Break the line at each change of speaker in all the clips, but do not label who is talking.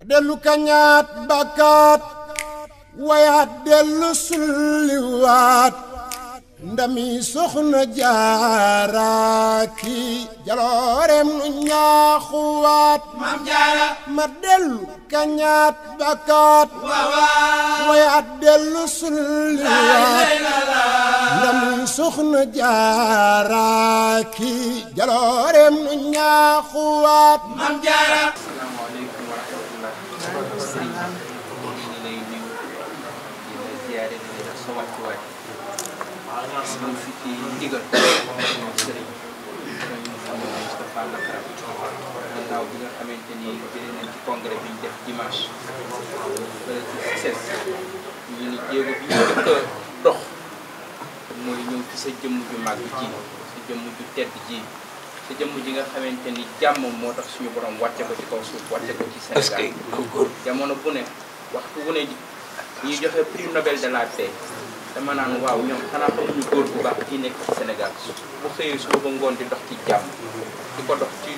dellu kañaat bakkaat wayaat dellu sulliwaat ndami soxna jaaraaki jaloorem nu ñaaxuwaat maam jaara ma dellu kañaat bakkaat wayaat dellu sulliwaat ndami soxna jaaraaki jaloorem sa wàccuwaay am fi ci ndigal nga xamante
ni jëlee nañ ci congrès bi ñu def dimanche bala ci succès ñu ni jéego bi ñu jëkk a dox mooy ñëw ci sa jëmm ju màgg ji sa jëmm ju ji sa jëmm ji nga xamante ni jàmm moo tax suñu borom wàcce ko ci kaw suuf wàcce ko ci Sénégal jamono bu ne waxtu wu ne ñuy joxe prix Nobel de la dama naan waaw ñoom xanaa xamuñu góor bu baax kii nekk ci Sénégal bu xëyee suba ba ngoon di dox ci jàmm di ko dox ci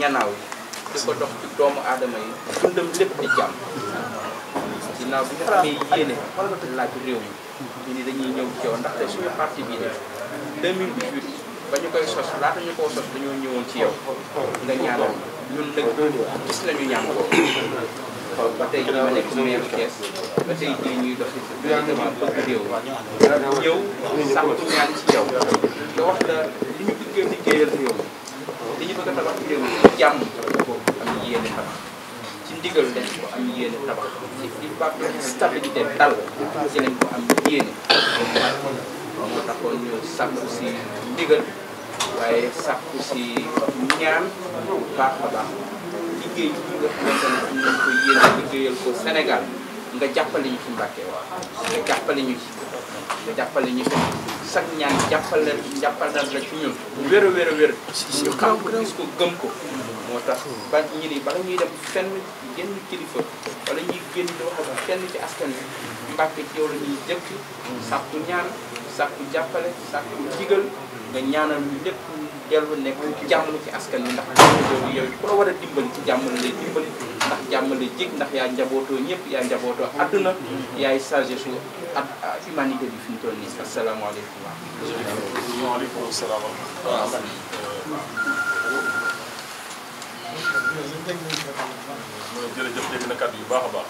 ñanaaw yi di ko dox ci doomu aadama yi dundam lépp di jàmm ginnaaw bi nga xamee yéene laaj réew mi ñu ni dañuy ñëw ci yow ndaxte suñu parti bii de 2018 ba ñu koy sos laata ñu koo sos dañoo ñëwoon ci yow nga ñaanal ñun nag gis nañu ñaan ba tey jii ma nekk maire Thiès ba tey jii ñuy dox si sa département bëgg réew yow sax ñaan ci yow te wax la li ñu bëggee liggéeyal réew li ñu bëgg a tabax réew mi am yéene tabax ci ndigal dañ ko am yéene tabax ci ci bàq stabilité dal ci lañ ko am yéene moo taxoon ñu sàkku si ndigal waaye sàkku si ñaan bu baax a baax liggéey ci li nga xamante ne ko yéene liggéeyal ko Sénégal nga jàppale ñu ci Mbàkke waaw nga jàppale ñu ci nga jàppale ñu ko sax ñaan jàppale jàppalal la ci ñun wér a wér a wér ñu xam ko gëm ko moo tax ba ñu ni bala ñuy dem fenn génn kilifa wala ñuy génn di wax ak fenn ci askan wi Mbàkke ci yow la ñuy jëkk sàkku ñaan sàkku jàppale sàkku digal nga ñaanal lépp dellu nekk jàmmale ci askan wi ndax boobu ku la war a dimbali ci jàmmale lay dimbali ndax jàmmale jig ndax yaa njabootoo ñëpp yaa njabootoo àdduna yaay chargé su ak humanité bi nii asalaamaaleykum wa waaleykum salaam
yu baax a baax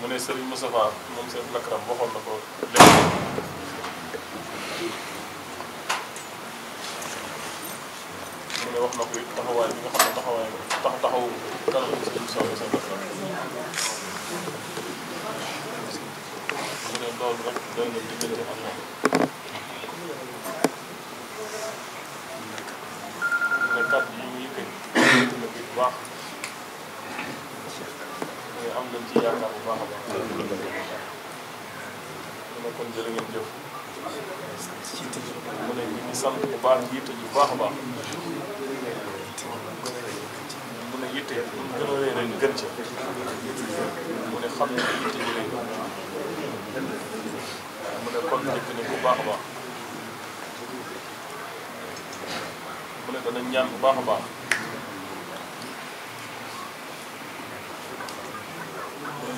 mu ne Serigne Moustapha moom seen lakram waxoon na ko léegi mu ne wax na ko it taxawaay bi nga xam ne taxawaay tax taxawu kanam Serigne Moustapha seen lakram mu ne loolu rek doy na diggante ak moom mu ne kàddu yi ñu yëkkati na ko bu baax am na ci yaakaar bu baax a baax. mu ne kon jërë ngeen jëf. mu ne sant bu baax njiite bu baax a baax. mu ne yitte bu ñu gën a rëy ren gën ca.
mu ne xam ne yitte ji rëy
mu ne kon jëkk ne bu baax a baax. mu ne dana ñaan bu baax a baax.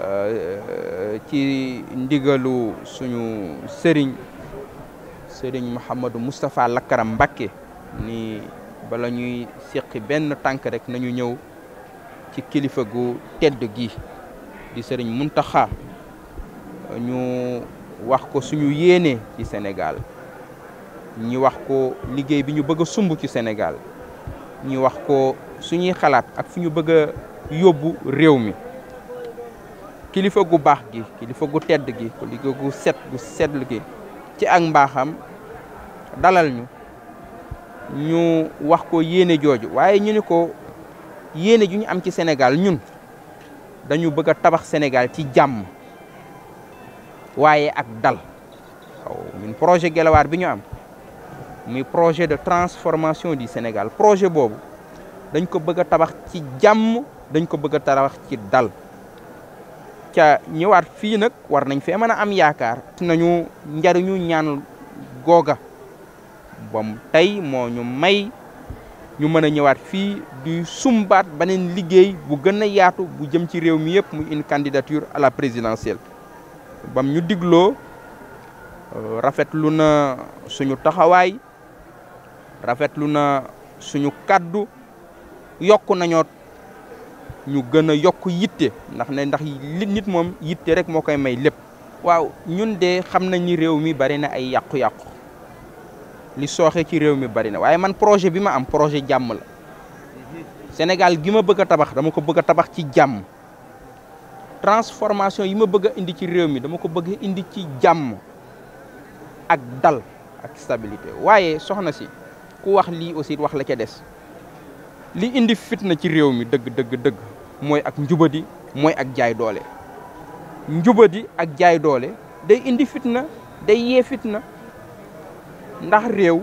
Euh, ci ndigalu suñu sëriñ sëriñ Mouhamadou Moustapha Lakaram Mbacké ni bala ñuy seqi benn tànk rek nañu ñëw ci kilifa gu tedd gi di sëriñ Muntaxa ñu wax ko suñu yéenee ci Sénégal ñi wax ko liggéey bi ñu bëgg a sumb ci Sénégal ñi wax ko suñuy xalaat ak fu ñu bëgg a yóbbu réew mi kilifa gu baax gi kilifa gu tedd gi kilifa gu set gu sell gi ci ak mbaaxam dalal ñu ñu wax ko yéene jooju waaye ñu ni ko yéene ju ñu am ci senegal ñun dañu bëgg a tabax Sénégal ci jàmm waaye ak dal waaw projet gelawaar bi ñu am muy projet de transformation du Sénégal projet boobu dañ ko bëgg a tabax ci jàmm dañ ko bëgg a tabax ci dal ca ñëwaat fii nag war nañ fee mën a am yaakaar nañu njariñu ñaan googa bam tey moo ñu may ñu mën a ñëwaat fii di sumbaat beneen liggéey bu gën a yaatu bu jëm ci réew mi yëpp muy une candidature à la présidentielle bam ñu digloo euh, rafetlu na suñu taxawaay rafetlu na suñu kàddu yokk nañoo ñu gën a yokk yitte ndax ne ndax nit moom yitte rek moo koy may lépp waaw ñun de xam nañ ni réew mi bari na ay yàqu-yàqu li sooxee ci réew mi bari na waaye man projet bi ma am projet jàmm la Sénégal gi ma bëgg a tabax dama ko bëgg a tabax ci jàmm transformation yi ma bëgg a indi ci réew mi dama ko bëgg a indi ci jàmm ak dal ak stabilite waaye soxna si ku wax lii aussi wax la ca des li indi fitna ci réew mi dëgg dëgg dëgg mooy ak njubadi mooy ak jaay doole njubadi ak jaay doole day indi fitna day yee fitna ndax réew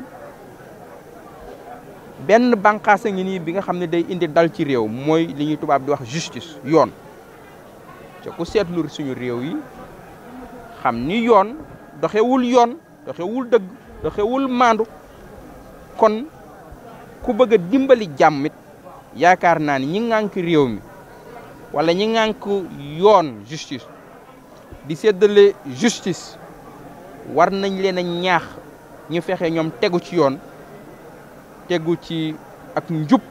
benn bànqaas a nii bi nga xam ne day indi dal ci réew mooy li ñuy tubaab di wax justice yoon te ku seetlu suñu réew yi xam ni yoon doxewul yoon doxewul dëgg doxewul maandu kon ku bëgg a dimbali jàmmit yaakaar naa ni ñi ŋànk réew mi wala ñi ŋànk yoon justice di séddale justice war nañ leen a ñaax ñu fexe ñoom tegu ci yoon tegu ci ak njub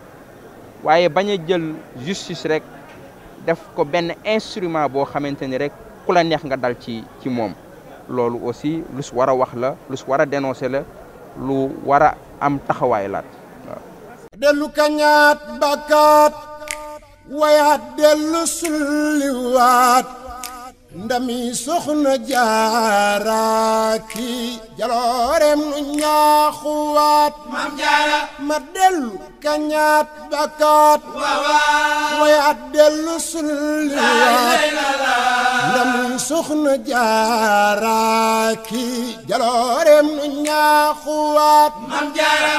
waaye bañ a jël justice rek def ko benn instrument boo xamante ni rek ku la neex nga dal ci ci moom loolu aussi lu su war a wax la lu su war a dénoncer la lu war a am taxawaay laat
waaw kañaat bàkkaat wayaat dellu sulliwaat ndami soxna jaaraaki jaloorem nu ñaaxuwaat maam jaara ma dellu kañaat bakaat wayaat dellu sulliwaat ndami soxna jaaraaki jaloorem nu ñaaxuwaat maam jaara